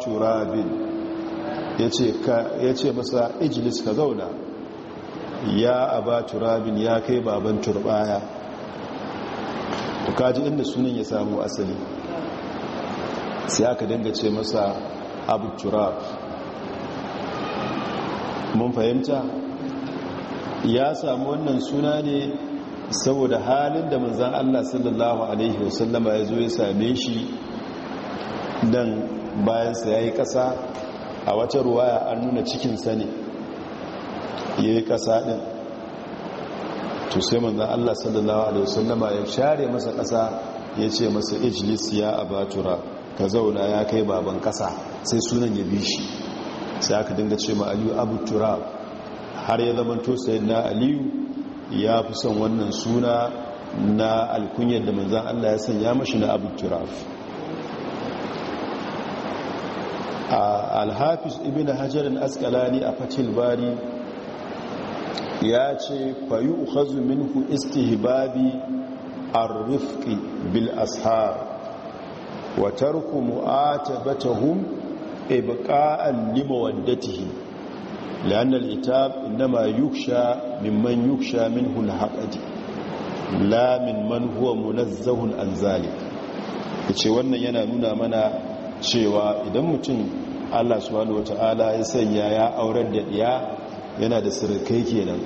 turabin ya ce masa ijilis ka zauna ya aba turabin ya kai baban turbaya ta kaji inda sunan ya samu asali sai aka dinga ce masa abu turab mun fahimta ya samu wannan suna ne saboda halin da manzan allah sallallahu alaihi wasallama ya zo ya same shi dan bayansa ya yi ƙasa a wata ruwaya an nuna cikinsa ne ya yi ƙasa ɗin to sai manzan allah sallallahu alaihi wasallama ya share masa ƙasa ya ce masa ijilis ya abatura ka zauna ya kai baban ƙasa sai sunan ya bi shi sai aka dinga ce ma aliyu abutura har ya zama to na aliyu ya fi son wannan suna na alkunyar da manzan allah ya sanya mashi na abuturaf A alhafiz ibn hajjarin askalani a fatil bari ya ce fayi ukhazu minhu istihbabi ar bil ashar wa tarku mu'atabatahum ibqa'an limawaddatihi لأن الإتاب إنما يكشى ممن يكشى منه الحقد لا من من هو منزه عن ذلك ce wannan yana nuna mana cewa idan mutum allah subhanahu wata'ala ya sanya ya aurar da ɗiya yana da sirikai kenan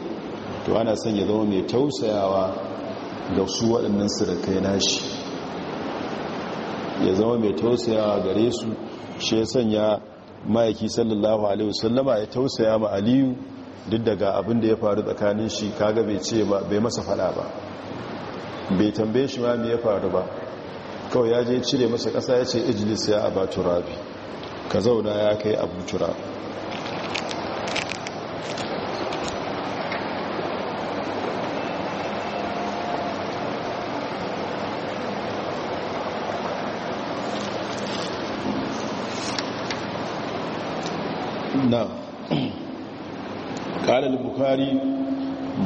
to ana son ya zama mai tausayawa ga su waɗannan sirikai nashi ya zama mai tausayawa gare su shi ya sanya ma'aiki sallallahu alaihi wasallama ya tausaya ma aliyu duk daga abin da ya faru tsakanin shi kaga bai ce ba bai masa fada ba bai tambaye shi ma me ya faru ba kawai ya je cire masa ƙasa ya ce ijilis ya aba Rabi. ka zauna ya kai abu turabi na Buhari bukari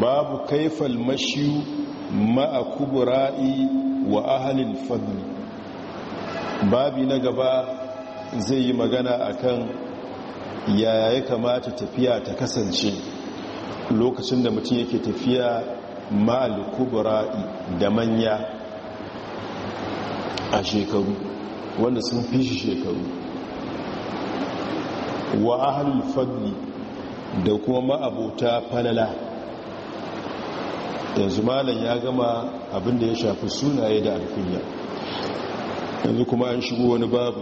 babu kaifal mashiyu ma'a kubura'i wa ahalil fadli babi na gaba zai yi magana akan yaya ya kamata tafiya ta kasance lokacin da mutum yake tafiya ma'al kubura'i da manya a shekaru wanda sun fi shi shekaru wa ahalul fadli da kuma ma'abota falala yanzu malam ya gama abinda ya shafi sunaye da alkunya yanzu kuma an shigo wani babu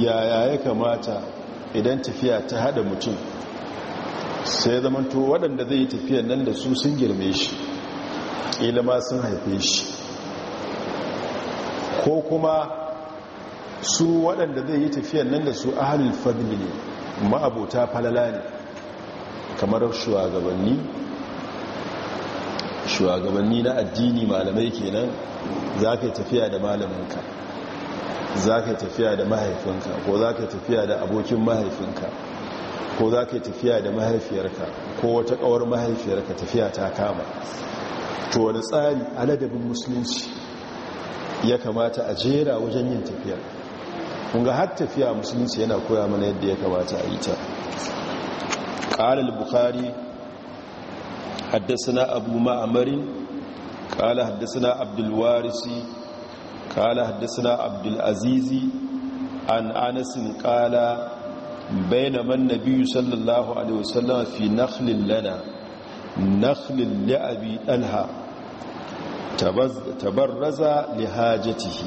yaya ya kamata idan tafiya ta hada mutum sai zama to waɗanda zai yi tafiyan nan da su sun girme shi ilima sun haife shi ko kuma su waɗanda zai yi tafiyan nan da su ahalin fadli ne ma'abota falala ne kamar shugabanni shugabanni na addini malamai kenan za ka tafiya da malaminka za ka tafiya da mahaifinka ko za ka tafiya da abokin mahaifinka ko za ka tafiya da mahaifiyarka ko wata kawar mahaifiyarka tafiya ta kama to wani tsari aladabin musulunci ya kamata a jera wajen yin tafiya. kunga har tafiya musulunci yana koya mana yadda ya kamata a yi ta قال البخاري حدثنا أبو معمر قال حدثنا عبد الوارث قال حدثنا عبد العزيز عن أنس قال بينما النبي صلى الله عليه وسلم في نخل لنا نخل لأبي ألها تبرز لهاجته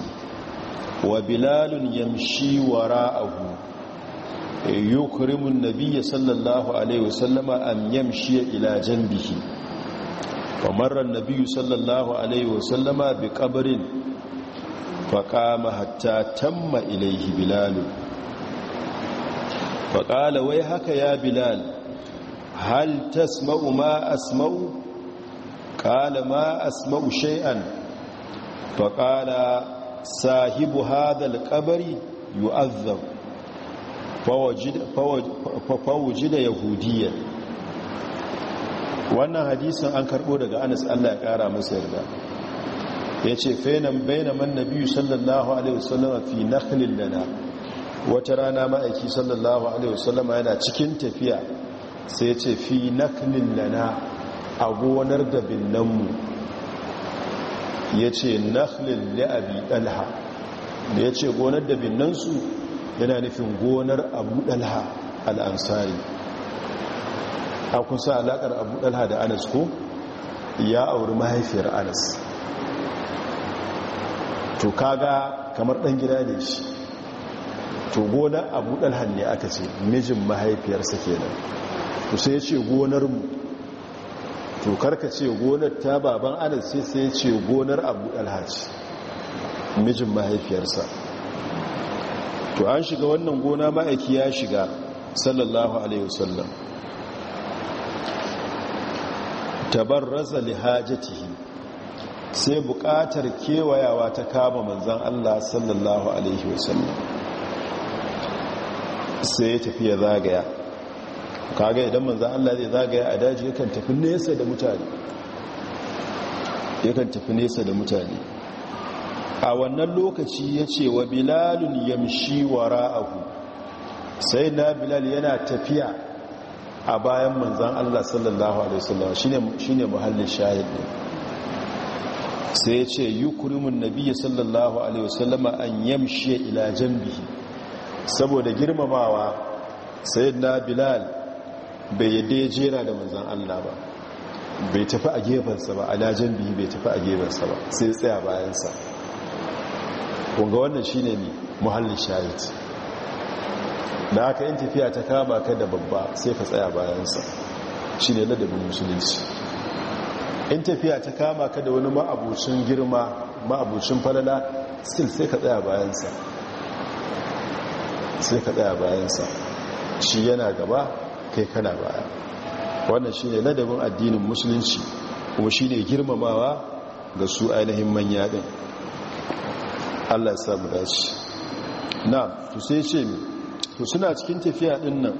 وبلال يمشي وراءه yukrimun nabiyya sallallahu alaihi wasallama an yamshi ila janbihi wa marra nabiyyu sallallahu alaihi wasallama bi qabrin fa qama hatta tamma ilaihi bilalu fa wai haka ya bilal hal tasma'u ma asma'u qala ma asma'u shay'an fa sahibu hadal al-qabri fawuji da yahudiyya wannan hadisin an karbo daga anas allah ya kara masa yarda ya ce fenan bainaman biyu, sallallahu alaihi wasallama fi nakhlin lana wata rana ma'aiki sallallahu alaihi wasallama yana cikin tafiya sai ya ce fi nakhlin lana a gonar da binnanmu ya ce nakhlin la'abi dalha da ya ce gonar da binnansu yana nufin gonar abu dalha al'ansari a kusa alaƙar abu dalha da anas ko ya auri mahaifiyar anas to kaga kamar ɗan gida ne shi to gonar abu dalha ne aka ce mijin mahaifiyarsa kenan to sai ce gonar mu to karka ce gonar ta baban anas sai sai ce gonar abu dalha ce mijin mahaifiyarsa to an shiga wannan gona ma'aiki ya shiga sallallahu alaihi wasallam tabarraza hajatihi sai buƙatar kewayawa ta kama manzan Allah sallallahu alaihi wasallam sai ya tafi ya zagaya kaga idan manzan Allah zai zagaya a daji yakan tafi nesa da mutane yakan tafi nesa da mutane a wannan lokaci ya ce wa bilalun yamshi wara'ahu sai na bilal yana tafiya a bayan manzan allah sallallahu alaihi wasallam shi ne muhallin shahid ne sai ya ce yi kurimin nabiya sallallahu alaihi wasallama an yamshi ila jambihi saboda girmamawa sai na bilal bai yadda ya jera da manzan allah ba bai tafi a gefansa ba alajen biyu bai tafi a gefansa ba sai tsaya bayansa kunga wannan shi ne muhallin shahid da aka yin tafiya ta kama ka da babba sai ka tsaya bayansa shi ne ladabin musulunci in tafiya ta kama ka da wani ma'abucin girma ma'abucin falala still sai ka tsaya bayansa sai ka tsaya bayansa shi yana gaba kai kana baya wannan shi ne ladabin addinin musulunci kuma shi ne girmamawa ga su ainihin manya ɗin allah ya samu dace na to sai ce to suna cikin tafiya din nan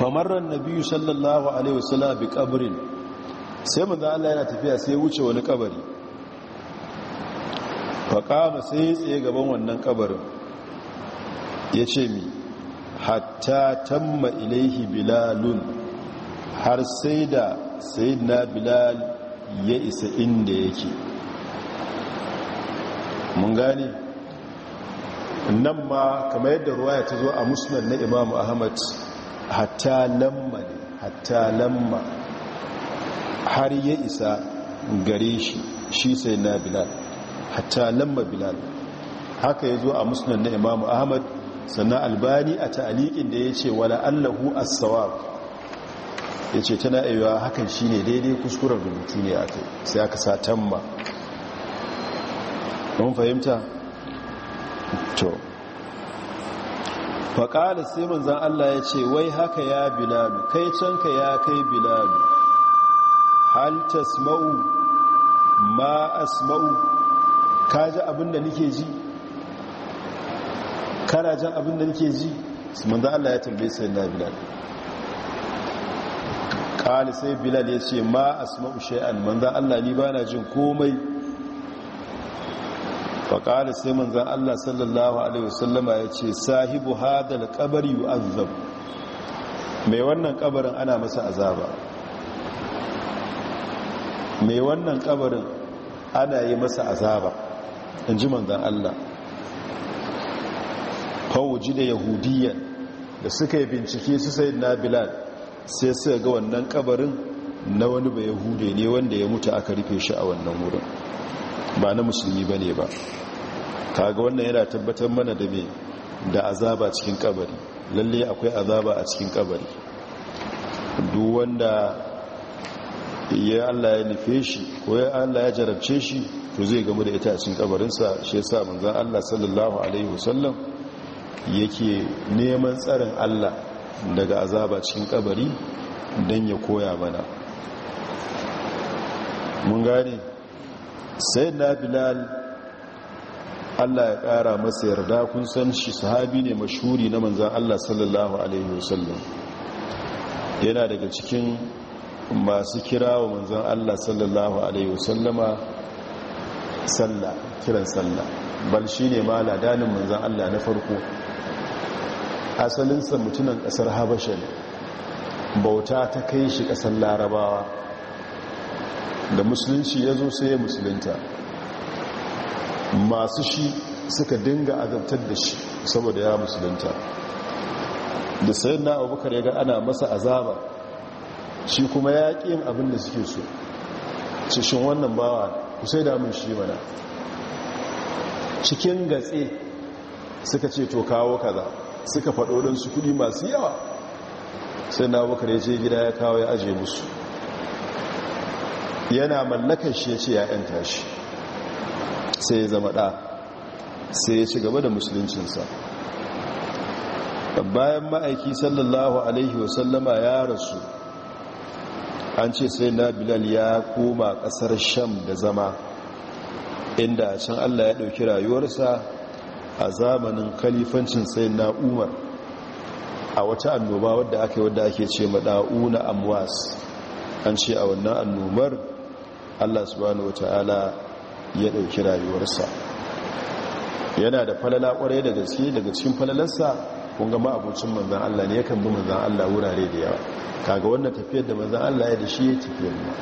famarar nabi sallallahu alaihi wasallam bi kabrin sai manzo allah yana tafiya sai wuce wani kabari kama sai tsaye gaban wannan kabarin ya ce mi hatta tamma ilaihi bilalun har sai da sayyidina bilal ya isa inda yake mun gani nan ma kama yadda ruwaya ta zo a musnad na imamu ahmad hatta lamma ne hatta lamma har ya isa gare shi shi sai na bilal hatta lamma bilal haka ya zo a musnad na imamu ahmad sannan albani a ta'aliƙin da ya ce wala allahu as-sawab ya ce tana aiwa hakan shi ne daidai kuskuren rubutu ne a kai sai aka sa tamma mun fahimta to faƙalis sai zan Allah ya ce wai haka ya bilalu kai canka ya kai bilalu hal tasma'u ma asma'u ka ji abin da ji kana jan abin da nake ji zan Allah ya tambaye sai na bilal ƙali sai bilal ya ce ma asma'u shay'an manzan Allah ni ba na jin komai faƙari sai manzan allah sallallahu alaihi wasallama ya ce sahibu hadal ƙabar yi azab mai wannan ƙabarin ana masa azaba mai wannan ƙabarin ana yi masa azaba in ji manzan allah fawuji da yahudiyyar da suka yi bincike su sayi na bilal sai suka ga wannan ƙabarin na wani ba ne wanda ya mutu aka rufe shi a wannan wurin ba na musulmi ba ne ba kaga wannan yana tabbatar mana da me da azaba cikin kabari lalle akwai azaba a cikin kabari duk wanda ya Allah ya nufe shi ko ya Allah ya jarabce shi to zai gamu da ita a cikin kabarinsa shi yasa manzon Allah sallallahu alaihi wasallam yake neman tsarin Allah daga azaba cikin kabari don ya koya mana mun gane sai na bilal allah ya kara masa yarda kun san shi sahabi ne mashuri na manzan allah sallallahu alaihi wasallam yana daga cikin masu kira wa manzan allah sallallahu alaihi wasallama sallah kiran sallah bal shi ne ma ladanin manzan allah na farko asalinsa mutunan kasar habasha ne bauta ta kai shi kasar larabawa da musulunci ya zo sai ya musulunta masu shi suka dinga azabtar da shi saboda ya musulunta da sayan na abubakar ya ga ana masa azaba shi kuma ya ƙin abin da suke so cishin wannan bawa ku sai damun shi mana cikin gatse suka ce to kawo kaza suka faɗo su kuɗi masu yawa sai na abubakar ya ce gida ya kawo ya aje musu yana mallakar shi ya ce ya yanta shi sai ya zama ɗa sai ya ci gaba da musuluncinsa bayan ma'aiki sallallahu alaihi wasallama ya rasu an ce sai na bilal ya koma ƙasar sham da zama inda can allah ya ɗauki rayuwarsa a zamanin kalifancin sai na umar a wata annoba wadda ake wadda ake ce maɗa'una amwas an ce a wannan annobar allah subhanahu wa ya ɗauki rayuwarsa yana da falala kwarai da gaske daga cikin falalarsa kun gama abincin manzan allah ne yakan bi manzan allah wurare da yawa kaga wannan tafiyar da manzan allah ya da shi ya tafiyar ma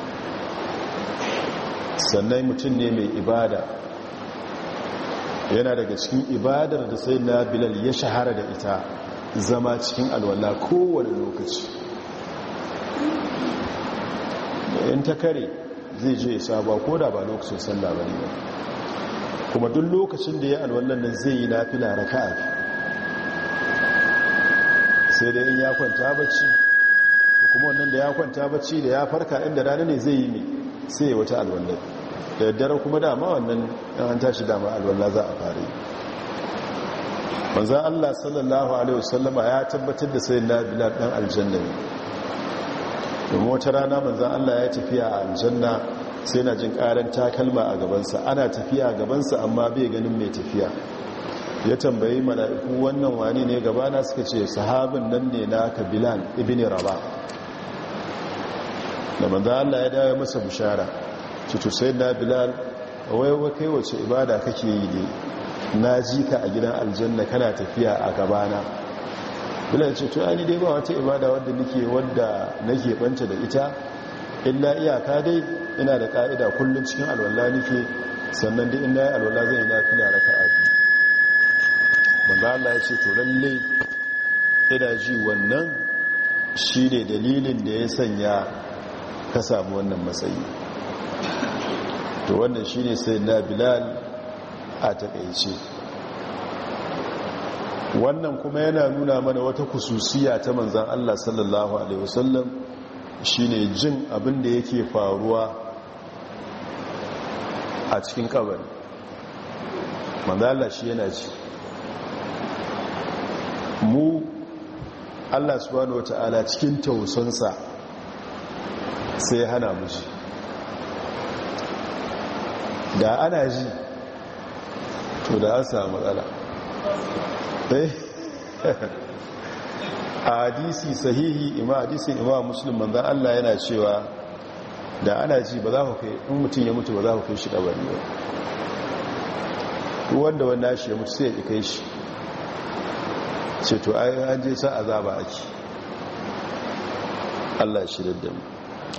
sannan mutum ne mai ibada yana daga cikin ibadar da sai na bilal ya shahara da ita zama cikin alwala kowane lokaci in ta kare zai je saba ko da ba lokacin sallah ba ba kuma duk lokacin da ya alwallon nan zai yi nafila raka'a sai dai in ya kwanta bacci kuma wannan da ya kwanta bacci da ya farka inda rana ne zai yi ne sai ya wata alwallon da daddare kuma dama wannan an tashi dama alwallon za a fare Wanzan Allah sallallahu alaihi wasallama ya tabbatar da sai na bilad dan aljanna domin wata rana manzan Allah ya tafiya a aljanna sai na jin karin takalma a gabansa ana tafiya a gabansa amma bai ganin mai tafiya ya tambayi mala'iku wannan wani ne gabana suka ce sahabin nan ne na kabilan ibini raba da manzan Allah ya dawo masa bishara cutu sai na bilal wai kai wace ibada kake yi ne na ji ka a gidan aljanna kana tafiya a gabana bilal ce to ani dai ba wata ibada wadda nake wadda nake banta da ita illa iyaka dai ina da ka'ida kullum cikin alwala nake sannan dai ina alwala zai na fila raka'a biyu manzo Allah ya ce to lalle ina ji wannan shine dalilin da ya sanya ka samu wannan matsayi to wannan shine sai na bilal a takaice wannan kuma yana nuna mana wata kususiya ta manzan Allah sallallahu alaihi wasallam ne jin abin da yake faruwa a cikin kabari manzan Allah shi yana ji mu Allah subhanahu wata'ala cikin tausansa sai hana mu ji da ana ji to da an samu matsala Eh? a hadisi sahihi ima hadisin ima musulun manzan Allah yana cewa da ana ji ba za ku kai in mutum ya mutu ba za ku kai shi kabari ba wanda wanda shi ya mutu sai ya kai shi ce to an je sa azaba ake Allah shi da mu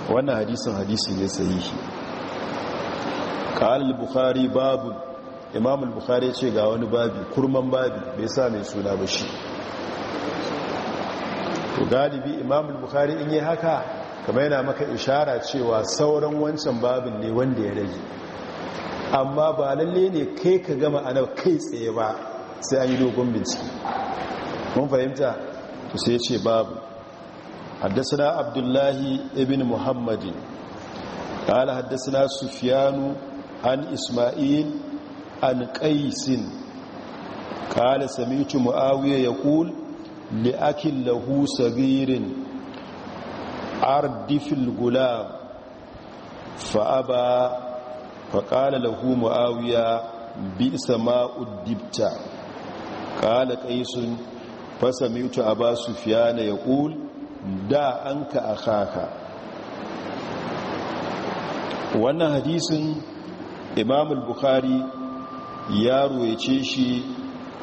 wannan hadisin hadisi ne sahihi قال bukari babu Imamul al-bukhari ce ga wani babi kurman babi bai sa mai suna ba shi to galibi imam al-bukhari in yi haka kama yana maka ishara cewa sauran wancan babin ne wanda ya rage amma ba lalle ne kai ka gama ana kai tsaye ba sai an yi dogon bincike mun fahimta to sai ce babu haddasa Abdullahi ibn Muhammadin, محمد قال حدثنا سفيان عن إسماعيل an ƙaisin kala sami'tu muawiya yaqul li akil lahu sabirin ardifil gulam fa'aba faƙala lahu mu'awiya bi sama'ud dibta ƙala ƙaisin fasamitu a ba su fiya na ya ƙul da an ka a kaka wannan hadisun imamul bukhari Yaro ya ce shi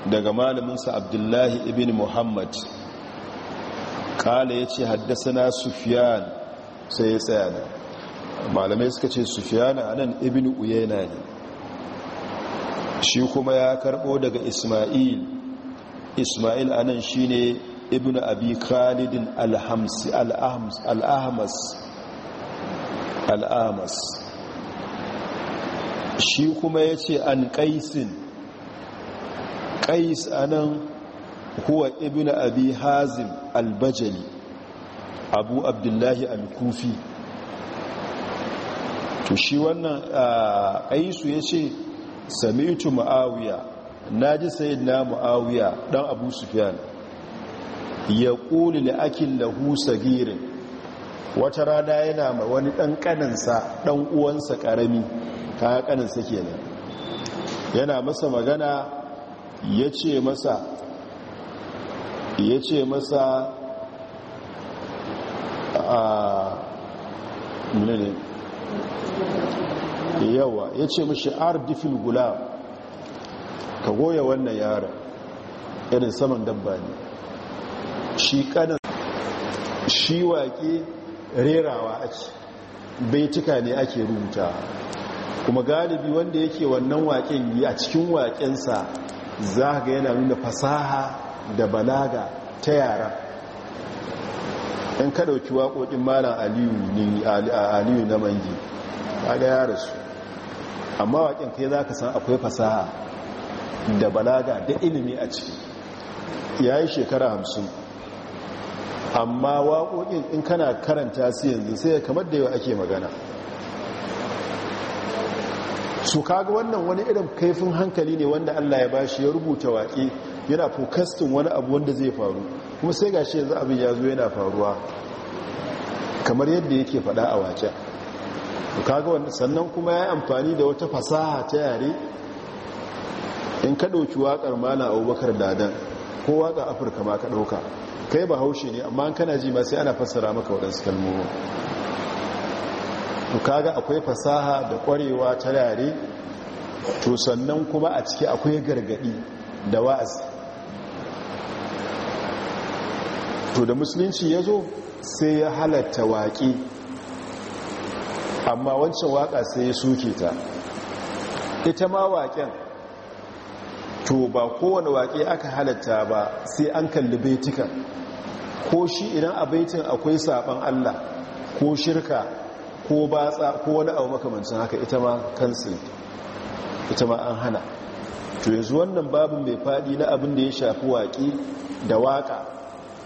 daga malaminsa abdullahi ibn muhammad kala ya ce haddasa na sufiyan sai ya tsaya da malamai suka ce sufiyan a nan ibn uyena ne shi kuma ya karbo daga ismail ismail a nan shi ne ibn abi khalidin al al'ahmas shi kuma ya ce an ƙaisin ƙais a nan ibn abi hazim albajali abu abdullahi al-kufi to shi wannan ƙaisu ya ce sami'tu ma'awiya na ji sai na ma'awiya ɗan abu sufiyan ya ƙuli la'akin lahu sagirin wata rana yana ma wani ɗan ƙaninsa ɗan uwansa ƙarami kayan kaninsa kenan yana masa magana ya ce masa ya ce masa a yawa ya ce mashi ardifil gula ka goya wannan yaron irin saman dabba ne shi kanin shi wake rerawa ake baituka ne ake rubuta kuma galibi wanda yake wannan waƙen yi a cikin waƙensa za ga yana nuna fasaha da balaga ta yara in ka ɗauki waƙoƙin malam aliyu na mangi a ga yara su amma waƙen kai za ka san akwai fasaha da balaga da ilimi a ciki ya yi shekara hamsin amma waƙoƙin in kana karanta su yanzu sai kamar da yau ake magana so kaga wannan wani irin kaifin hankali ne wanda Allah ya ba shi ya rubuta waƙe yana fokastin wani abu wanda zai faru kuma sai gashi yanzu abin ya zo yana faruwa kamar yadda yake fada a waƙe kaga wannan sannan kuma ya amfani da wata fasaha ta yare in ka ɗauki waƙar mana abubakar dadan ko waƙar afirka ma ka ɗauka kai bahaushe ne amma kana ji ma sai ana fassara maka waɗansu kalmomi to kaga akwai fasaha da kwarewa ta yare to sannan kuma a ciki akwai gargadi da wa'azi to da musulunci ya zo sai ya halatta waƙi amma wancan waƙa sai ya suke ta ita ma waƙen to ba kowane waƙe aka halatta ba sai an kalli baitukan ko shi idan a baitin akwai saɓan allah ko shirka ko batsa ko wani abu makamancin haka ita ma kansu ita ma an hana to yanzu wannan babu mai fadi na abin da ya shafi waƙi da waƙa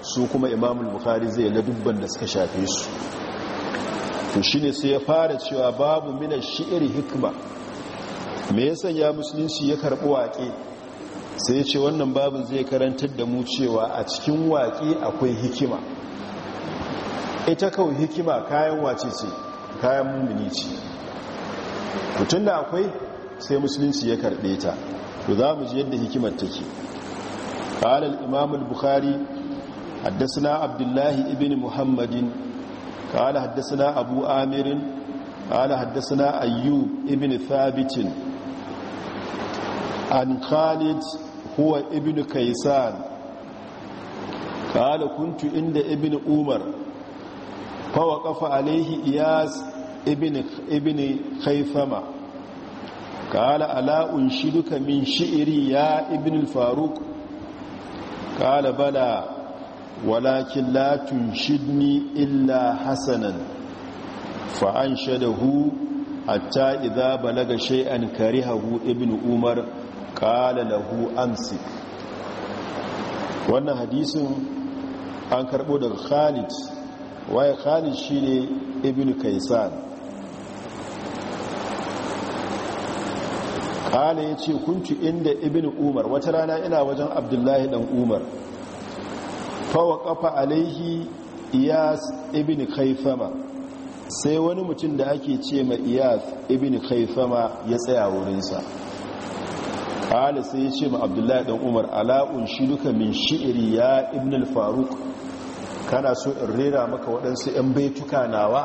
su kuma imamul bukhari zai ladubban da suka shafe su to shine sai ya fara cewa babu mina shi'ir hikma me yasa ya musulunci ya karɓi waƙe sai ce wannan babu zai karantar da mu cewa a cikin waƙe akwai hikima ita kawai hikima kayan wace ce kayan mummuni ce mutum da akwai sai musulunci ya karɓe ta to za mu ji yadda hikimar take ƙalar imamul Bukhari, haddasa abdullahi ibn muhammadin ƙalar haddasa abu amirin ƙalar haddasa ayyu ibn thabitin an khalid huwa ibn kaisan ƙalar kuntu inda ibn umar fawa kafa alaihi iyas ibn haifama kala ala'un shi duka min shi'iri ya ibn faruk kala bala walakin latun shidni illa hasanan fa'an shadahu hatta idza balaga shay'an karihahu ibn umar qala lahu amsik wannan hadisin an karɓo daga Khalid waye khalid shine ibn kaisan kala ya ce kunci inda ibn umar wata rana ina wajen abdullahi dan umar fawa kafa alaihi iyas ibn kaifama sai wani mutum da ake ce ma iyas ibn kaifama ya tsaya wurinsa kala sai ya ce ma abdullahi dan umar ala'un shi duka min shi'iri ya ibn al-faruk kana so in rera maka waɗansu 'yan baituka nawa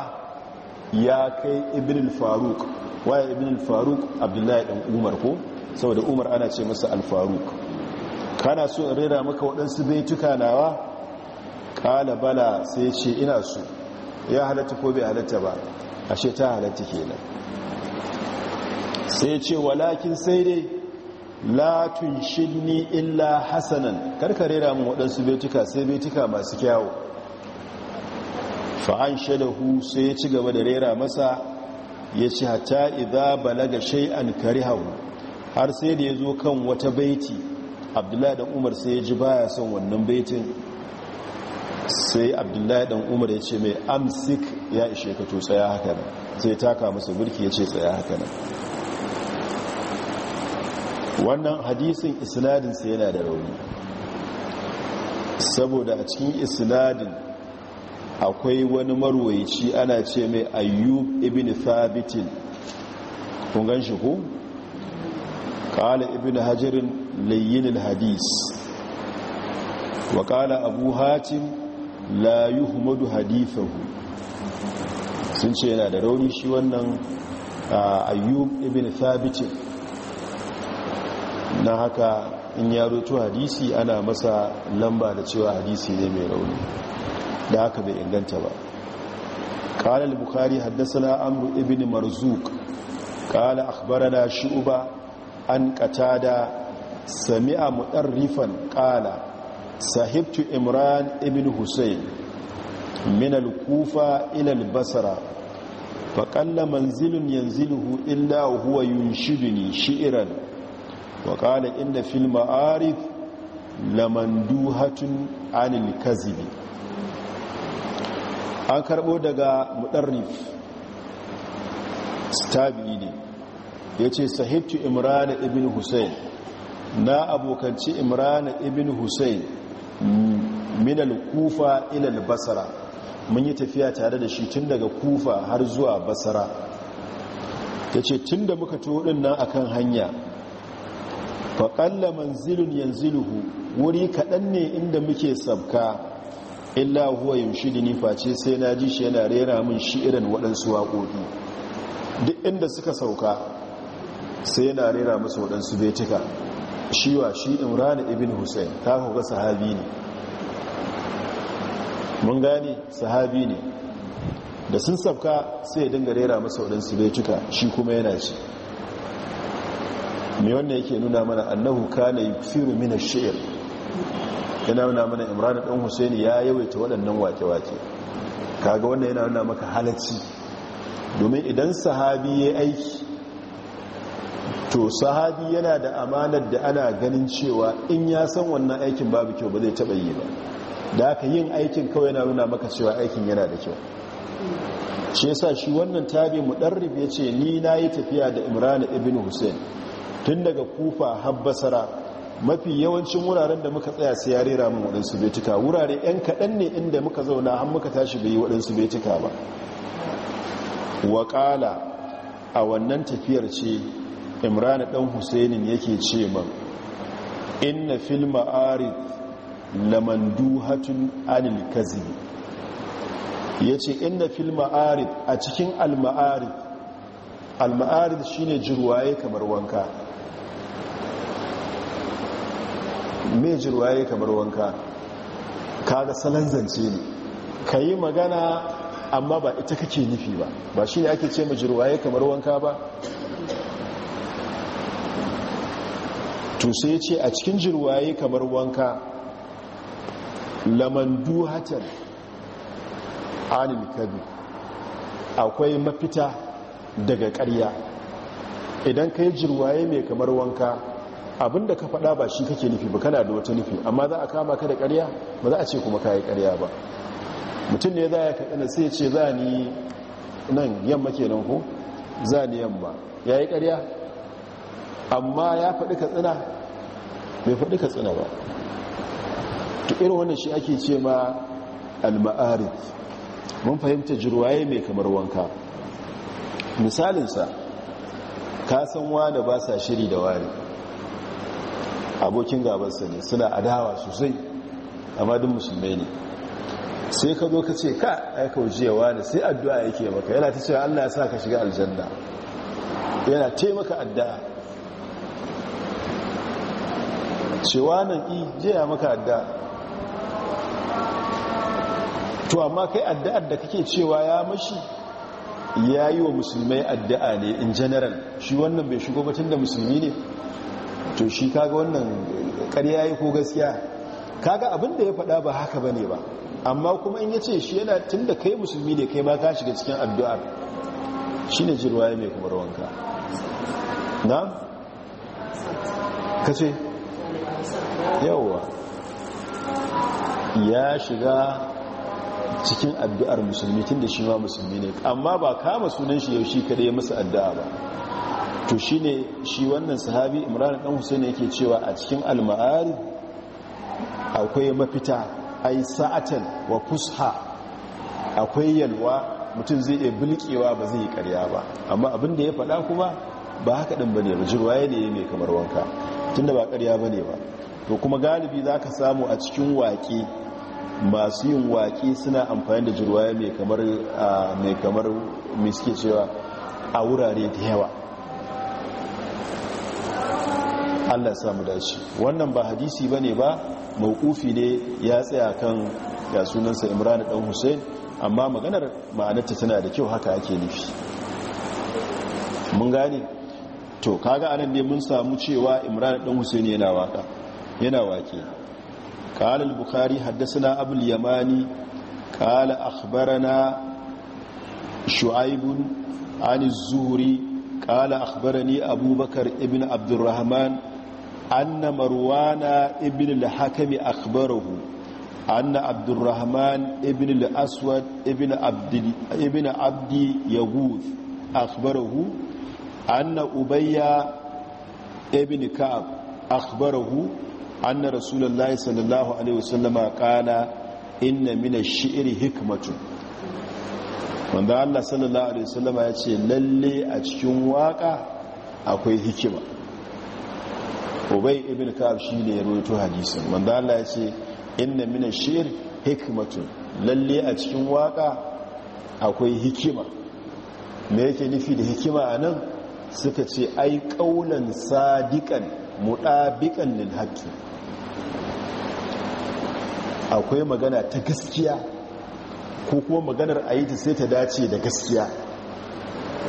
ya kai ibn al-faruk waye ibn al-faruk abdullahi dan umar ko saboda umar ana ce masa al-faruk kana so in rera maka waɗansu baituka nawa kala bala sai ce ina so ya halatta ko bai halatta ba ashe ta halatta kenan sai ce walakin sai dai la tunshidni illa hasanan rera min waɗansu betuka sai betuka masu kyawu fa'an shadahu sai ya ci gaba da rera masa ya ci hata idza balaga kari karihahu har sai da ya zo kan wata baiti abdullahi dan umar sai ya ji baya son wannan baitin sai abdullahi dan umar ya ce mai amsik ya ishe ka to tsaya haka nan sai taka masa burki ya ce tsaya haka nan wannan hadisin isnadinsa yana da rauni saboda a cikin isnadin akwai wani marwaici ana ce mai ayyub ibn thabitin kun gan shi ku? kala ibn hajjirin layyinin hadis wa kala abu hatim la yi humadu hadifahu sun ce yana da rauni shi wannan ayyub ibn thabitin na haka in ya to hadisi ana masa lamba da cewa hadisi ne mai rauni da haka bai inganta ba قال البخاري حدثنا عمرو ابن مرزوق قال أخبرنا شعبة عن قتادة سمع مؤرفا قال صحبت إمران ابن حسين من الكوفة إلى البصرة فقال منزل ينزله إلا وهو ينشدني شئرا وقال إن في المعارف لمندوهة عن الكذب an karbo daga mudarrif Stabili ne ya ce sahibtu imrana ibn hussein na abokanci imrana ibn hussein mm, minal kufa ilal basara mun yi tafiya tare da shi tun daga kufa har zuwa basara ya ce tun da muka tuɗin nan kan hanya faƙalla manzilin yanziluhu wuri kaɗan ne inda muke sabka illa huwa ni face sai na ji shi yana rera min shi irin waɗansu waƙoƙi duk inda suka sauka sai yana rera musu waɗansu betika wa shi imran ibn hussein ta kuka sahabi ne mun gane sahabi ne da sun sauka sai ya dinga rera masa waɗansu betika shi kuma yana ci mai wannan yake nuna mana annahu kana yuksiru min shi'ir yana yana mana imran ɗan husaini ya yawaita waɗannan wake-wake kaga wannan yana yana maka halacci domin idan sahabi ya aiki to sahabi yana da amanar da ana ganin cewa in ya san wannan aikin babu kyau ba zai taɓa yi ba da aka yin aikin kawai yana nuna maka cewa aikin yana da kyau shi yasa shi wannan tabi ɗarrif ya ce ni na yi tafiya da imrana ibn hussein tun daga kufa har basara mafi yawancin wuraren da muka tsaya sai ya rera min waɗansu betuka wurare 'yan kaɗan ne inda muka zauna an muka tashi bai yi waɗansu betuka ba waƙala a wannan tafiyar ce imrana ɗan husainin yake ce man inna fil ma'arid lamanduhatun anil kazibi yace inna fil ma'arid a cikin al ma'arid al ma'arid shine jirwaye kamar wanka mai jirwa kamar wanka Ka ga salon zance ne ka yi magana amma ba ita kake nufi ba ba shi ne ake ce mai jirwa kamar wanka ba tusai sai ce a cikin jirwaye kamar wanka lamandu hatar anil akwai mafita daga karya idan ka yi jirwaye mai kamar wanka abinda ka faɗa ba shi kake nufi ba kana da wata nufi amma za a kama ka da ƙarya ba za a ce kuma ka yi ƙarya ba mutum ne za ya kaɗana sai ce za ni nan yamma kenan ko za ni yamma ya yi ƙarya amma ya faɗi ka tsina bai faɗi ka tsina ba to irin wannan shi ake ce ma alma'ari mun fahimta jirwaye mai kamar wanka misalinsa ka san wani ba sa shiri da wari. abokin gabansa ne suna adawa sosai amma duk musulmai ne sai ka zo ka ce ka aika wujewa ne sai addu'a yake maka yana ta ce allah ya sa ka shiga aljanna yana taimaka addu'a cewa nan jiya maka addu'a to amma kai addu'ar da kake cewa ya mashi ya yi wa musulmai addu'a ne in general shi wannan bai shigo batun da musulmi ne to shi kaga wannan ƙarya yi ko gaskiya kaga abin da ya faɗa ba haka ba ne ba amma kuma in ya ce shi yana tun da kai musulmi ne kai ba ka shiga cikin addu'ar shi ne mai kuma rawanka na? ka ce? ya shiga cikin addu'ar musulmi tun da shi ma musulmi ne amma ba kama sunan shi yau shi kada ya masa addu'a ba to shi ne shi wannan sahabi imran dan husaini yake cewa a cikin alma'ari akwai mafita yi sa'atan wa kusha akwai yalwa mutum zai iya bulkewa ba zai yi karya ba amma abin da ya faɗa kuma ba haka ɗin ba ne ba jirwaye ne mai kamar wanka tunda ba karya ba ne ba to kuma galibi za ka samu a cikin waƙe masu yin waƙe suna amfani da jirwaye mai kamar ah, mai kamar cewa a wurare da yawa Allah samu dace wannan ba hadisi bane ba mauqufi ne ya tsaya kan ya sunansa Imran dan Hussein amma maganar ma'anarta tana da kyau haka ake nufi mun gane to kaga anan ne mun samu cewa Imran dan Hussein yana waka yana wake قال البخاري حدثنا ابو اليماني قال اخبرنا شعيب عن الزهري قال أخبرني أبو بكر ابن عبد الرحمن anna marwana ibn al-hakami akhbarahu anna abdurrahman ibn al-aswad ibn abdi ibn abdi yaguth akhbarahu anna ubayya ibn ka'ab akhbarahu anna rasulullahi sallallahu alaihi wasallama qala inna min ash-shi'ri hikmatun wanda Allah sallallahu alaihi wasallama yace lalle a cikin waka akwai hikima Obai ibn ka'ab ne ya rawaito hadisin manzo Allah ya ce inna min ash-shi'r hikmatun lalle a cikin waka akwai hikima me yake nufi da hikima a nan? suka ce ai qaulan sadiqan mudabiqan lil haqqi akwai magana ta gaskiya ko kuma maganar ayi ta sai ta dace da gaskiya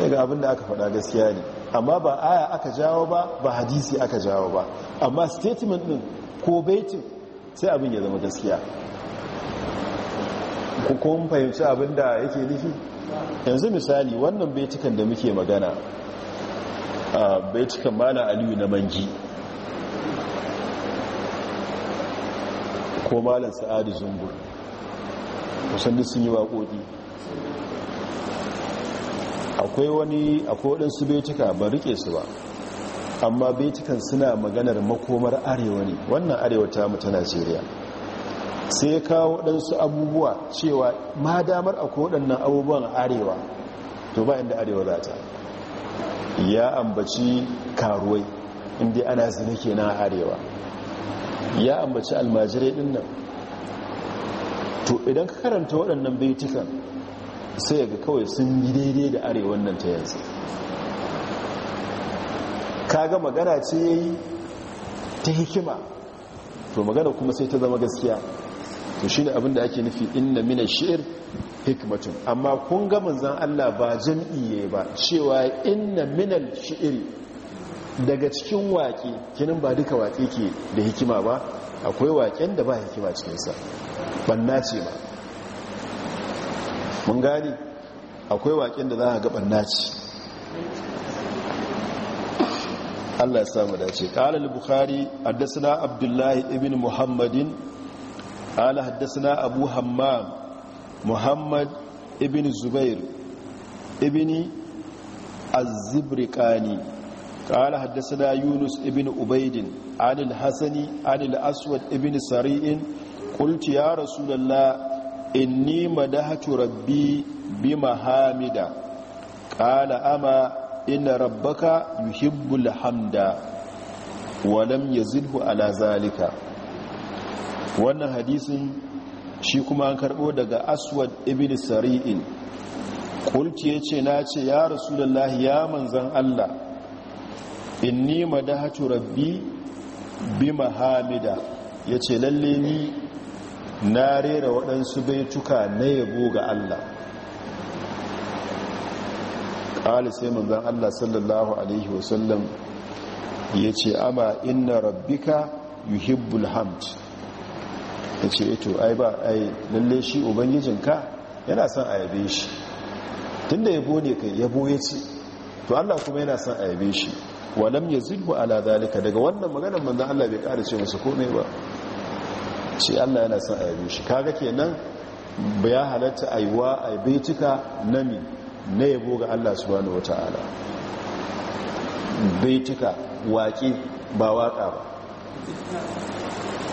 ga abinda aka faɗa gaskiya ne amma ba aya aka jawo ba ba hadisi aka jawo ba amma statement din ko baitin sai abin ya zama gaskiya ku kun fahimci abin da yake nufi yanzu misali wannan baitukan da muke magana a baitukan mana aliyu na manji ko malar sa'adu zungur kusan sun yi waƙoƙi akwai wani akwai waɗansu betuka ba rike su ba amma betukan suna maganar makomar arewa ne wannan arewa ta mutu ta najeriya sai kawo waɗansu abubuwa cewa ma damar akwai waɗannan abubuwan arewa to ba inda arewa za ta ya ambaci karuwai inda ana zina kenan a arewa ya ambaci almajirai ɗin to idan ka karanta waɗannan betukan. sai ga kawai sun yi daidai da arewan nan ta yanzu ka ga magana ce yayi ta hikima to magana kuma sai ta zama gaskiya to shi ne abinda ake nufi inna mina shi'ir hikmatun amma kun ga manzan Allah ba jam'iyye ba cewa inna minal shi'iri daga cikin waƙe kinin ba duka waƙe ke da hikima ba akwai waƙen da ba hikima cikinsa banna ce ba mun gani akwai waƙin da za a gaɓar naci Allah ya samu dace qala al-bukhari haddathana Abdullahi ibn muhammadin qala haddathana abu hammam muhammad ibn zubair ibn Azibrikani, zibriqani قال Yunus ibn Ubaidin, Adil Hassani Adil Aswad ibn Sari'in, سريء ya rasu inni madahatu rabbi bi mahamida qala ama inna rabbaka yuhibbul hamda wa lam yazidhu ala zalika wannan hadisin shi kuma an karbo daga aswad ibn sari'in kulti yace na ce ya rasulullahi ya manzan Allah inni madahatu rabbi bi mahamida yace lalle ni na rera waɗansu baituka na yabo ga Allah ƙali sai manzan Allah sallallahu Alaihi wasallam ya ce ama inna rabbika yuhibbul hamd ya ce ito eh ai ba ai lalle shi ubangijinka yana son a yabe shi tun yabo ne kai yabo ya ce to Allah kuma yana son a yabe shi walam ya zidbu ala zalika daga wannan maganar manzan Allah bai ƙara ce masa komai ba shi Allah yana son a shi kaga kenan ya halatta aiwa a baitika nami na yabo ga Allah subhanahu wataala baitika waki ba waka ba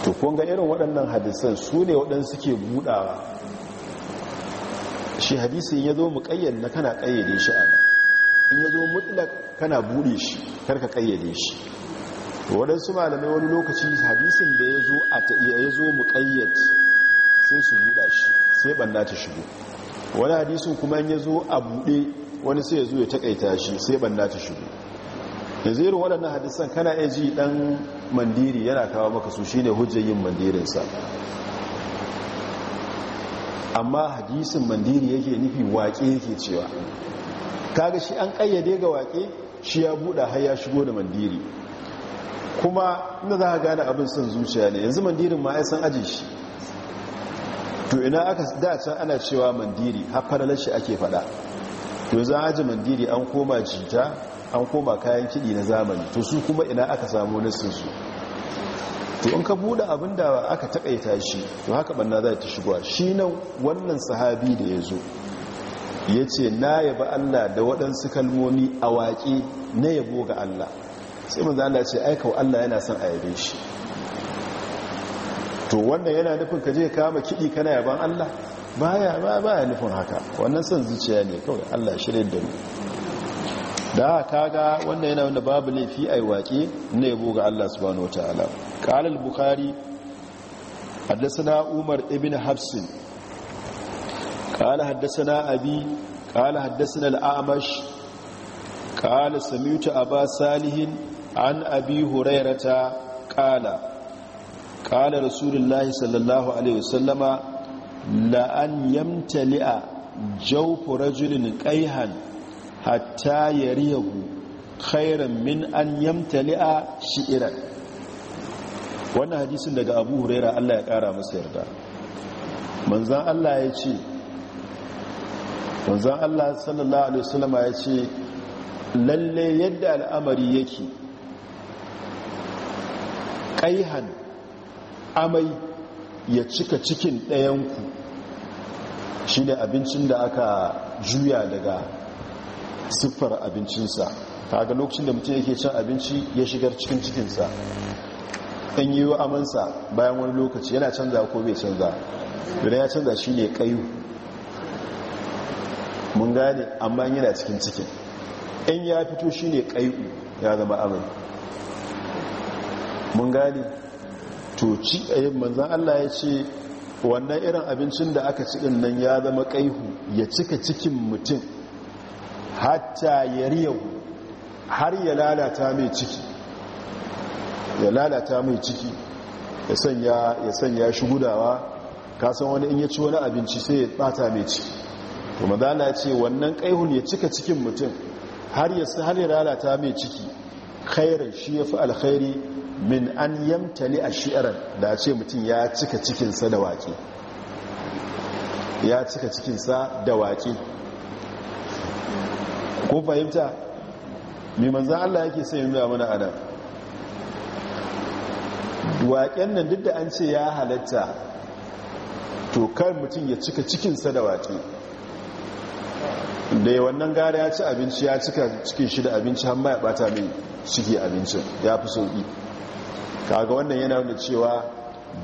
to kun ga irin waɗannan hadisan su ne waɗansu ke buɗawa shi hadisin ya zo mu kana ƙayyade shi a in ya zo mutlak kana buɗe shi karka kayyade shi waɗansu malamai wani lokaci hadisin da ya zo a ta'iya ya zo muƙayyad sai su buɗa shi sai ɓanna ta shigo wani hadisun kuma ya zo a buɗe wani sai ya zo ya taƙaita shi sai ɓanna ta shigo da zirin waɗannan hadisan kana iya ji ɗan mandiri yana kawo maka su shi ne hujjayin mandirinsa amma hadisin mandiri yake nufi waƙe yake cewa kaga shi an ƙayyade ga waƙe shi ya buɗa har ya shigo da mandiri kuma inda za ka gane abin son zuciya ne yanzu mandirin ma san aji shi to ina aka dace ana cewa mandiri har shi ake fada to za aji mandiri an koma jita an koma kayan kiɗi na zamani to su kuma ina aka samu nassinsu to in ka buɗe abin da aka taƙaita shi to haka banna za ta shigowa shi nan wannan sahabi da ya zo ya ce na yaba allah da waɗansu kalmomi a waƙe na yabo ga allah sai manzo zala ce wa Allah yana son a yabe shi to wannan yana nufin ka je kama kiɗi kana yaban Allah baya ba baya nufin haka wannan son zuciya ne kawai Allah shirye da mu da kaga wannan yana wanda babu laifi ai waƙe ne yabo ga Allah subhanahu wataala qala al-bukhari haddathana umar ibn habs qala haddathana abi qala haddathana al-amash qala sami'tu aba salihin an abi ta kala qala rasulullahi sallallahu alaihi wasallama la an yamtali'a jawfu rajulin kaihan, hatta yariyahu khairan min an yamtali'a shi'ran wannan hadisin daga abu huraira Allah ya kara masa yarda manzan Allah ya ce manzan Allah sallallahu alaihi wasallama ya ce lalle yadda al'amari yake Kaihan amai ya cika cikin ɗayanku shi ne abincin da aka juya daga siffar abincinsa kaga lokacin da mutum yake cin abinci ya shigar cikin cikinsa Ɗan yi amansa bayan wani lokaci yana canza ko bai canza yana ya canza shi ne ƙayu mun gane amma yana cikin cikin ɗan ya fito shi ne ƙayu ya zama amai mun gane to ci ayin eh, manzan Allah ya ce wannan irin abincin da aka ci nan ya zama kaihu ya cika cikin mutum hatta ya riyahu har ya lalata mai ciki ya lalata mai ciki ya sanya ya shi gudawa kasan wani in ya ci wani abinci sai ya bata mai ciki to madana ce wannan kaihun ya cika cikin mutum har ya lalata mai ciki khairar shi ya fi alkhairi min an yamtali a shi'arar da ce mutum ya cika cikinsa da waƙi ya cika cikinsa da waƙi ko fahimta mai manzan Allah yake sai nuna mana ana waƙen nan duk da an ce ya halatta to kan mutum ya cika cikinsa da waƙi da wannan gara ya ci abinci ya cika cikin shi da abinci har ya bata mai ciki abincin ya fi sauƙi kaga wannan yana wani cewa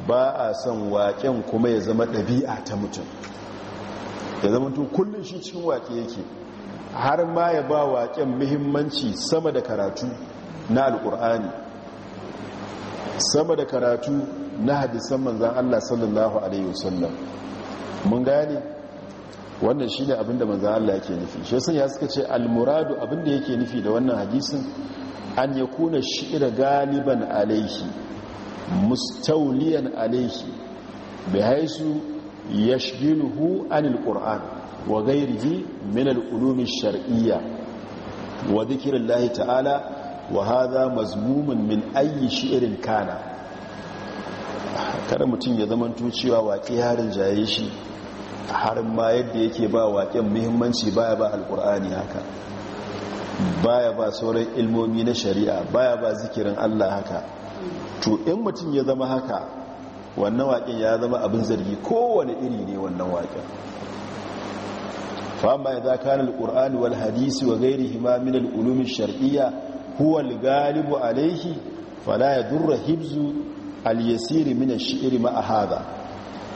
ba a son waƙen kuma ya zama ɗabi'a ta mutum ya zama tun kullum shi cikin waƙe yake har ma ya ba waƙen muhimmanci sama da karatu na alƙur'ani sama da karatu na hadisan manzan Allah sallallahu Alaihi wasallam mun gane wannan shi ne abinda manzan Allah yake nufi shi sun ya suka ce almuradu abinda yake nufi da wannan hadisin an ya kuna shi'ira galiban alaihi mustauliyan alaihi bai haisu ya shigiluhu anil ƙur'an wa gairi minal ulumin shar'iyya wa zikirin lahi ta'ala wa haza mazmumin min ayi irin kana kada mutum ya zama cewa waƙi harin jaye shi harin ma yadda yake ba waƙen muhimmanci baya ba Al-Ƙur'ani haka baya ba sauran ilmomi na shari'a baya ba zikirin Allah haka to in mutum ya zama haka wannan waƙin ya zama abin zargi kowane iri ne wannan waƙin fama ya zaka na alƙur'ani wal hadisi wa gairi himamin al'ulumin shari'a huwa galibu alaihi fala ya durra hibzu al-yasiri min shi shiri ma hadha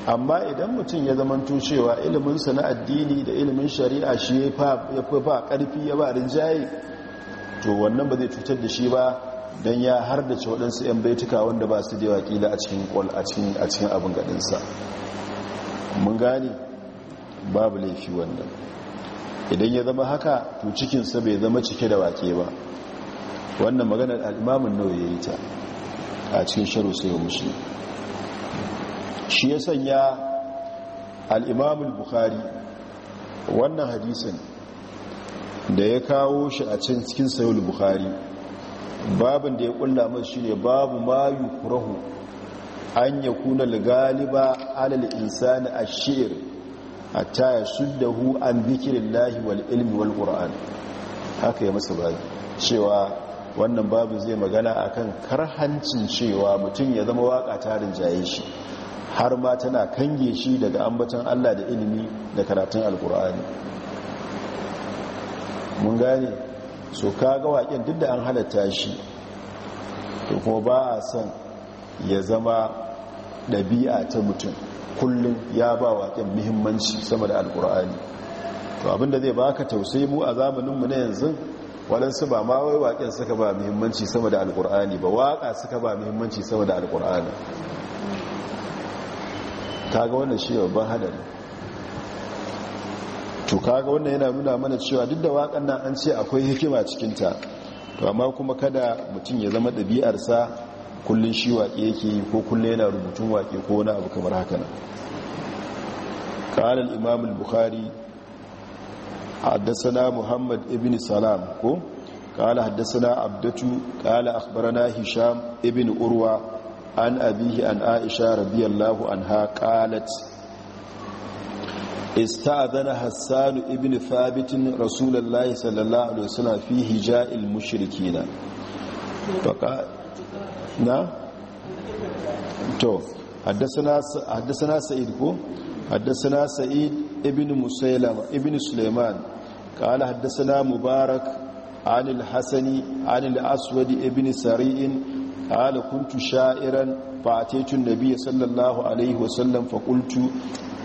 amma idan mutum ya zama cewa iliminsa na addini da ilimin shari'a shi ya fi ba karfi ya ba rinjaye to wannan ba zai cutar da shi ba don ya har da ce waɗansu 'yan baituka wanda ba su da yawa a cikin abin gaɗinsa mun gane babu laifi wannan idan ya zama haka to cikinsa bai zama cike da wake ba wannan maganar al'imamin nawa ya yi ta a cikin sharo sai ya mushi shi ya sanya al'imamul bukhari wannan hadisin da ya kawo shi a cikin sayul bukhari babin da ya kulla mai shi ne babu Mayu yi kurahu an ya kuna galiba alal insani a shi'ir a taya hu, an bikirin lahi wal ilmi wal ƙura'an haka ya masa babi cewa wannan babu zai magana akan karhancin cewa mutum ya zama waka tarin jaye shi har ma tana kange shi daga ambatan Allah da ilimi da karatun alkur'ani mun gane so kaga waƙen duk da an halatta shi to kuma ba a son ya zama ɗabi'a ta mutum kullum ya ba waƙen muhimmanci sama da alkur'ani to abinda zai baka tausayi mu a zamaninmu na yanzu waɗansu ba ma wai waƙen suka ba muhimmanci sama da alkur'ani ba waƙa suka ba muhimmanci sama da alkur'ani kaga wannan shi babban hadari to kaga wannan yana nuna mana cewa duk da wakan nan an ce akwai hikima cikinta to amma kuma kada mutum ya zama ɗabi'arsa kullum shi waƙe yake yi ko kullum yana rubutun waƙe ko wani abu kamar haka nan al bukhari البخاري muhammad ibn salam ko qala حدثنا abdatu qala akhbarana hisham ibn urwa. an abihi an aisha radiyallahu anha qalat ista'adana hassan ibn Fabitin rasulullahi sallallahu alaihi wasallam fi hija'il mushrikina faqa na to haddathana sa'id ko Haddasana sa'id ibn musailama ibn sulaiman قال حدثنا مبارك عن الحسن عن الأسود ابن سريء ala kuntu sha'iran fatetun nabiya sallallahu alaihi wasallam faƙultu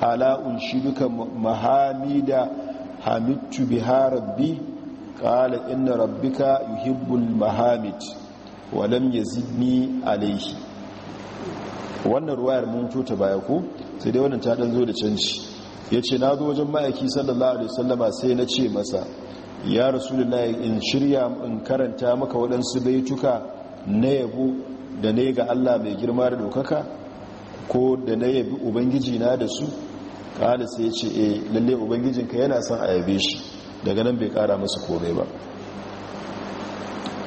ala'un shi duka mahamida hamitu biha rabbi ƙala inna rabbika yuhibbul mahamid walam ya zidni alaihi wannan ruwayar mun tuta baya ku sai dai wannan taɗan zo da canci Yace na zo wajen ma'aiki sallallahu alaihi wasallama sai na ce masa ya rasulullahi in shirya in karanta maka waɗansu baituka na yabu da na ga Allah mai girma da dokaka ko da na yabi ubangiji na da su kada sai ce e lalle ka yana son a yabe shi daga nan bai kara masa komai ba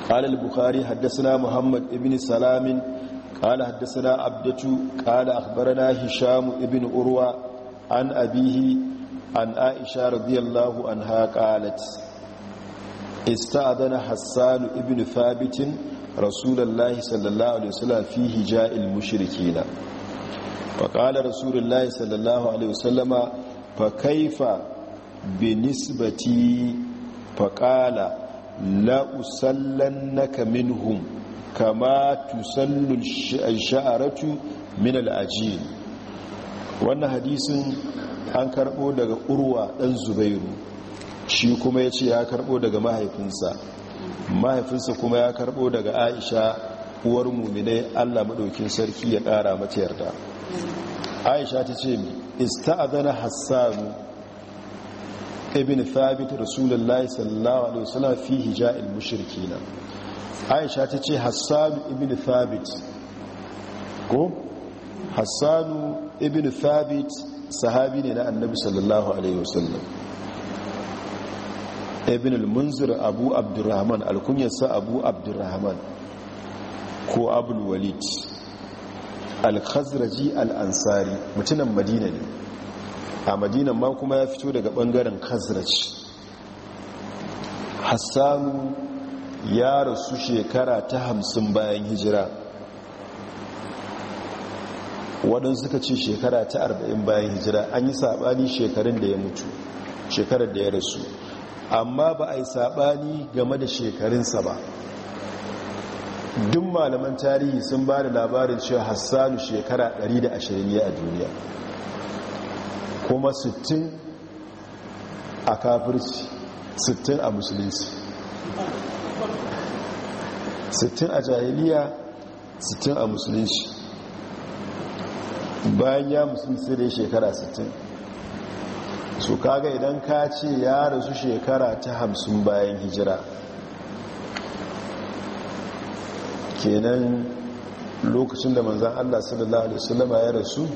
qala al-bukhari haddathana muhammad ibn salam qala haddathana abdatu qala akhbarana hisham ibn urwa an abihi an aisha radiyallahu An qalat استاذنا حسان ابن rasulullahi sallallahu alaihi wasallam fi hija'il mushrikina fa qala rasulullahi sallallahu alaihi wasallama fa kaifa bi nisbati fa qala la usallannaka minhum kama tusallu ash-sha'ratu min al-ajin wannan hadisin an karbo daga urwa dan zubairu shi kuma yace ya karbo daga mahaifinsa mahaifinsa kuma ya karbo daga aisha uwar muminai allah maɗaukin sarki ya ƙara mata yarda aisha ta ce mi ista'adana hassanu ibn thabit rasulullahi sallallahu alaihi wasallam fi hija'il mushrikina aisha ta ce hassanu ibn thabit ko hassanu ibn thabit sahabi ne na annabi sallallahu alaihi wasallam ibn al-munzir abu abdurrahman alkunyarsa abu abdurrahman ko abul walid al-khazraji al-ansari mutumin madina ne a madina ma kuma ya fito daga bangaren khazraj hassanu ya rasu shekara ta hamsin bayan hijira waɗansu suka ce shekara ta arba'in bayan hijira an yi saɓani shekarun da ya mutu shekarar da ya rasu amma ba a yi saɓani game da shekarunsa ba duk malaman tarihi sun ba da labarin cewa hassanu shekara 120 ya a duniya kuma 60 a kafirci 60 a musulunci 60 a jahiliya 60 a musulunci bayan ya musulunci sai da shekara 60 su kaga idan ka ce ya rasu shekara ta hamsin bayan hijira kenan lokacin da manzan allah sallallahu alaihi wasallama ya rasu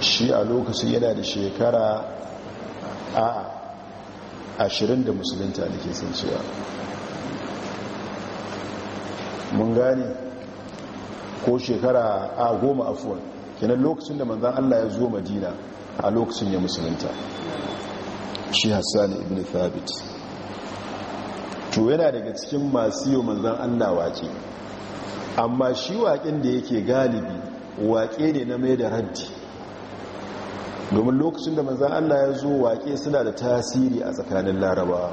shi a lokacin yana da shekara a ashirin da musulunta da ke sun cewa mun gane ko shekara a goma afuwan kenan lokacin da manzan allah ya zo madina a lokacin ya musulunta shi hassan ibn thabit to yana daga cikin masu yi manzan allah waƙe amma shi waƙen da yake galibi waƙe ne na mai da ranti domin lokacin da manzan allah ya zo waƙe suna da tasiri a tsakanin larabawa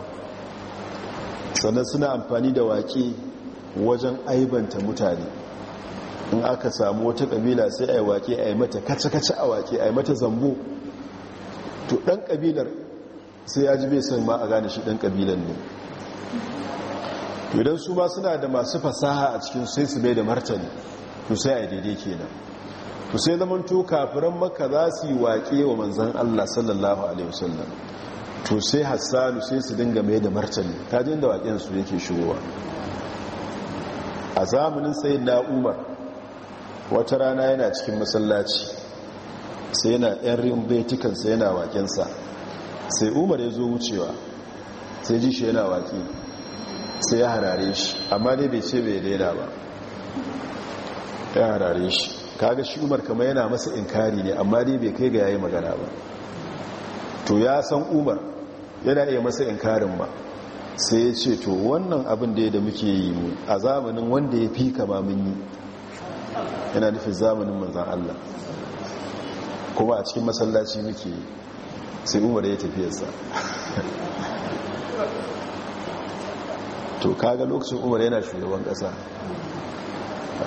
sannan suna amfani da waƙe wajen aibanta mutane in aka samu wata ƙabila sai a yi waƙe a yi mata kace-kace a waƙe a yi mata zambo to ɗan ƙabilar sai ya ji bai san ma a gane shi ɗan ƙabilar ne to idan su ma suna da masu fasaha a cikin sai su bai da martani to sai a yi daidai kenan to sai zaman to kafiran maka za su yi waƙe wa manzan allah sallallahu alaihi wasallam to sai hassanu sai su dinga mai da martani ta jin da su yake shigowa a zamanin sai na umar wata rana yana cikin masallaci sai yana yan rin baitukansa yana wakensa sai umar ya zo wucewa sai ji shi yana waki sai ya harare shi amma dai bai ce bai daina ba ya harare shi kaga shi umar kama yana masa inkari ne amma dai bai kai ga yayi magana ba to ya san umar yana iya masa inkarin ba sai ya ce to wannan abin da ya da muke yi mu a zamanin wanda ya fi kama mun yi yana nufin zamanin manzan Allah kuma a cikin masallaci muke sai umar ya tafiyarsa to kaga lokacin umar yana shugaban kasa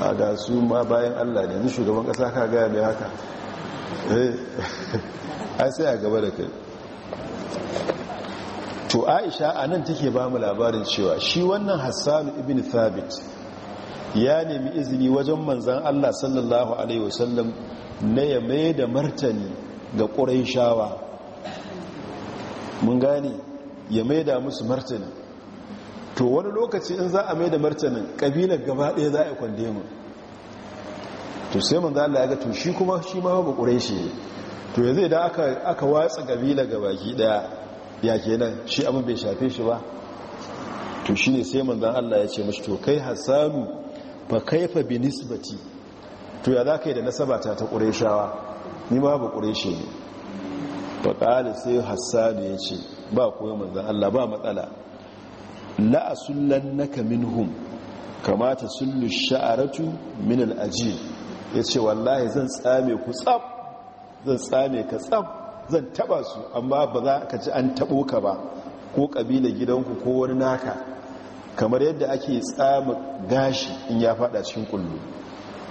a da su ma bayan allah ne yanzu shugaban kasa ka gaya mai haka eh. ai sai a gaba da kai to aisha a nan take ba mu labarin cewa shi wannan hassan ibn thabit ya nemi izini wajen manzan allah sallallahu alaihi wasallam na ya mai da martani ga ƙurai shawa mun gane ya mai da musu martani to wani lokaci in za a mai da martanin ƙabilar gaba ɗaya za a yi kwande mu to sai mun zala ya ga to shi kuma shi ma ba ƙurai shi to ya zai da aka watsa ƙabila gabaki ɗaya ya nan shi abin bai shafe shi ba to shi ne sai mun zan Allah ya ce mashi to kai hassanu fa kaifa bi nisbati to ya za ka yi da nasabata ta ƙureshawa ni ba ba ƙureshe ne ƙali sai hassani ya ce ba koyi manzan Allah ba matsala la'asullan naka minhum kamata sullu sha'aratu min al'ajil ya ce wallahi zan tsame ku tsab zan tsame ka tsab zan taba su amma ba za ka ci an tabo ka ba ko ƙabila gidanku ko wani naka kamar yadda ake tsama gashi in ya fada cikin kullum.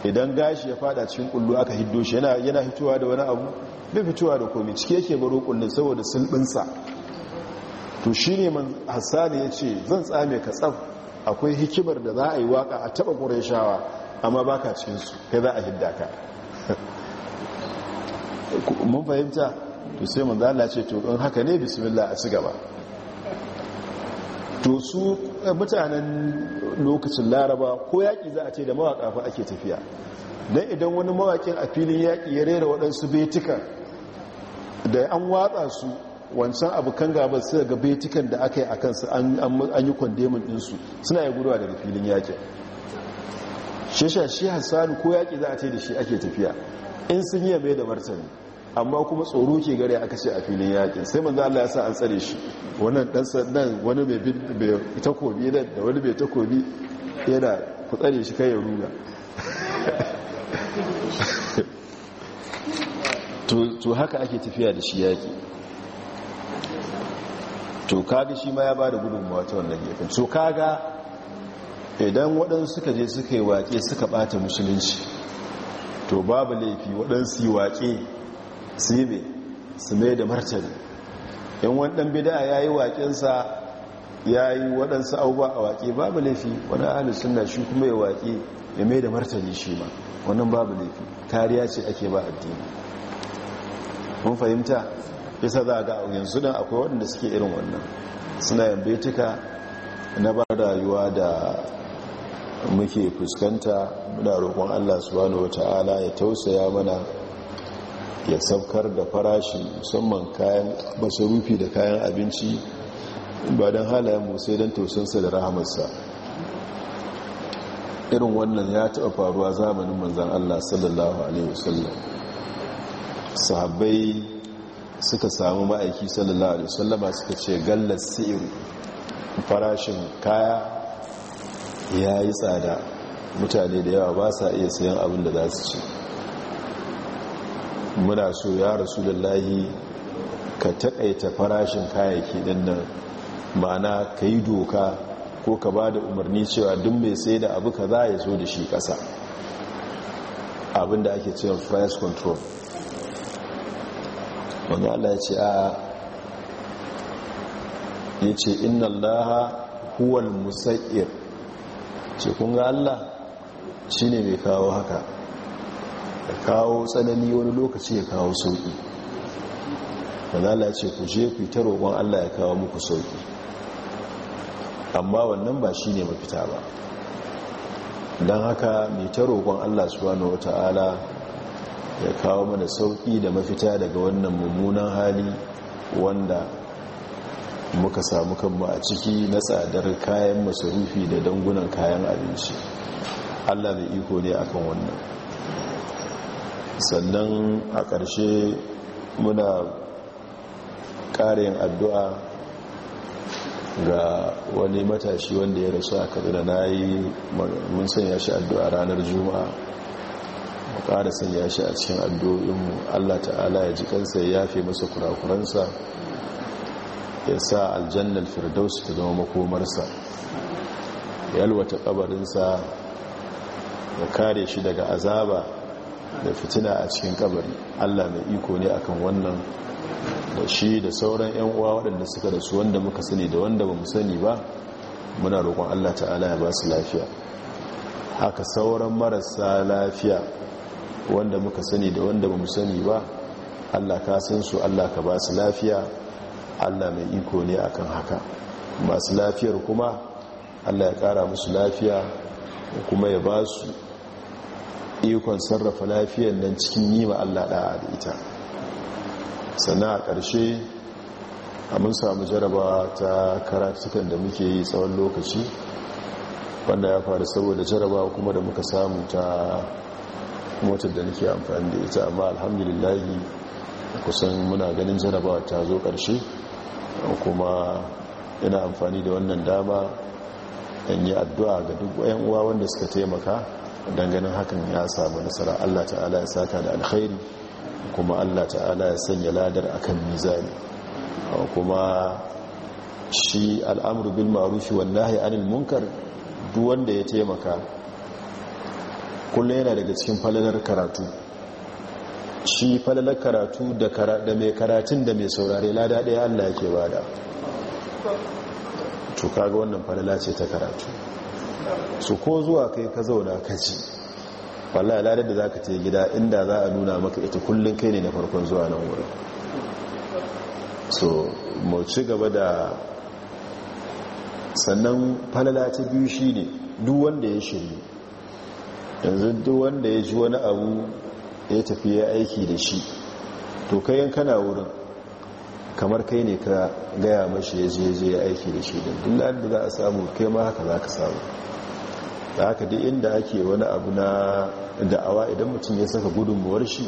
idan gashi ya fada cikin kullu aka hiddo shi yana hitowa da wani abu bai fitowa da komi cike yake baro kullun saboda sulbinsa to ne man hassani ya ce zan tsame ka tsaf akwai hikimar da za a yi waka a taba ƙurashawa amma ba ka cikinsu kai za a hidda ka mun fahimta to sai mun zala ce to in haka ne bismillah a ci gaba to eh, mutanen lokacin laraba ko yaƙi za a ce da mawaƙa fa ake tafiya don idan wani mawaƙin a filin yaƙi ya rera waɗansu betika da an watsa su wancan abokan gaba su ga betikan da aka yi a kansu an yi kwandemin ɗinsu suna yi guduwa daga filin yaƙin shesha shi hassanu ko yaƙi za a ce da shi ake tafiya in sun yi mai da martani amma kuma tsoro ke gare aka ce a filin yakin sai manzo Allah ya sa an tsare shi wannan dan sannan wani mai takobi da wani mai takobi yana ku tsare shi kai ya ruga to haka ake tafiya da shi yaki to kaga shi ma ya ba da gudunmawa ta wannan gefen To kaga idan waɗansu suka je suka yi waƙe suka ɓata musulunci to babu laifi waɗansu yi waƙe su yi mai su mai da martani yan waɗannan bida ya yi waƙinsa ya yi waɗansu abubuwa a waki babu laifi wani ahalin suna shi kuma ya waki ya mai da martani shi ma wannan babu laifi kariya ce ake ba addini mun fahimta yasa za a ga yanzu dan akwai wadanda suke irin wannan suna yambetuka na ba rayuwa da muke fuskanta muna roƙon allah subhanahu wata'ala ya tausaya mana ya saukar da farashi musamman kayan masarufi da kayan abinci ba don halayen Musa, don tosinsa da rahamarsa irin wannan ya taɓa faruwa zamanin manzan Allah sallallahu Alaihi wasallam sahabbai suka samu ma'aiki sallallahu Alaihi wasallama suka ce gallar si'ir farashin kaya ya yi tsada mutane da yawa ba sa iya sayan abin da za su ce muna so ya rasu da lahi ka taƙaita farashin kayayyaki ɗin nan mana ka yi doka ko ka ba da umarni cewa duk mai sai da abu ka za ya zo da shi ƙasa abinda ake cewa price control wani allah ya ce a ya ce inna laha huwal musa'ir ce kunga allah shi ne mai kawo haka ya kawo tsanani wani lokaci ya kawo sauki manala ce ku je ku ta roƙon allah ya kawo muku sauki amma wannan ba shi ne mafita ba don haka mai ta roƙon allah subhanahu wa ta'ala ya kawo mana sauƙi da mafita daga wannan mummunan hali wanda muka samu kanmu a ciki na tsadar kayan masarufi da dangunan kayan abinci allah mai iko ne akan wannan sannan a ƙarshe muna ƙarin addu'a ga wani matashi wanda ya rasu a kaduna na yi mun sanya shi addu'a ranar juma'a mu ƙara sanya shi a cikin addu'o'inmu allah ta'ala ya ji kansa ya yafe masa kurakuransa ya sa aljannar firdaus ta zama makomarsa ya yalwata ƙabarinsa ya kare shi daga azaba da fitina a cikin kabari allah mai iko ne akan wannan da shi da sauran 'yan uwa waɗanda suka rasu wanda muka sani da wanda ba mu sani ba muna roƙon allah ta'ala ya ba su lafiya haka sauran marasa lafiya wanda muka sani da wanda ba mu sani ba allah ka san su allah ka ba su lafiya allah mai iko ne akan haka masu lafiyar kuma allah ya ƙara musu lafiya kuma ya ba su ikon sarrafa lafiyan nan cikin yi wa Allah ɗaya da ita sannan a ƙarshe a mun samu jarabawa ta karatukan da muke yi tsawon lokaci wanda ya faru saboda jarabawa kuma da muka samu ta motar da nake amfani da ita amma alhamdulillahi kusan muna ganin jarabawa ta zo ƙarshe kuma ina amfani da wannan dama in yi addu'a ga duk 'yan uwa wanda suka taimaka ganin hakan ya samu nasara allah ta'ala ya saka da alkhairi kuma allah ta'ala ya sanya ladar akan mizani kuma shi al'amur bil ma'rufi yi anil munkar duk wanda ya taimaka kullum yana daga cikin falalar karatu shi falalar karatu da mai karatun da mai saurare lada ɗaya allah yake bada to kaga wannan falala ce ta karatu su ko zuwa kai ka zauna ka ci wallahi ladar da za ka ce gida inda za a nuna maka ita kullum kai ne na farkon zuwa nan wurin so mu ci gaba da sannan falala ta biyu shi ne duk wanda ya shirya yanzu duk wanda ya ji wani abu ya tafi ya aiki da shi to kayan kana wurin kamar kai ne ka gaya mashi ya je ya aiki da shi din duk da za a samu kai ma haka za ka samu da haka duk inda ake wani abu na da'awa idan mutum ya saka gudunmuwar shi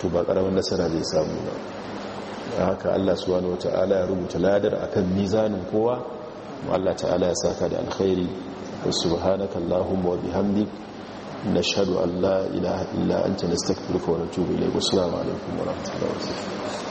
to ba karamin nasara zai samu ba da haka Allah subhanahu wataala ya rubuta ladar a kan mizanin kowa ma Allah ta'ala ya saka da alkhairi subhanaka allahumma wa bihamdik nashhadu an la ilaha illa anta nastaghfiruka wa natubu ilayk assalamu alaikum wa rahmatullahi wa barakatuh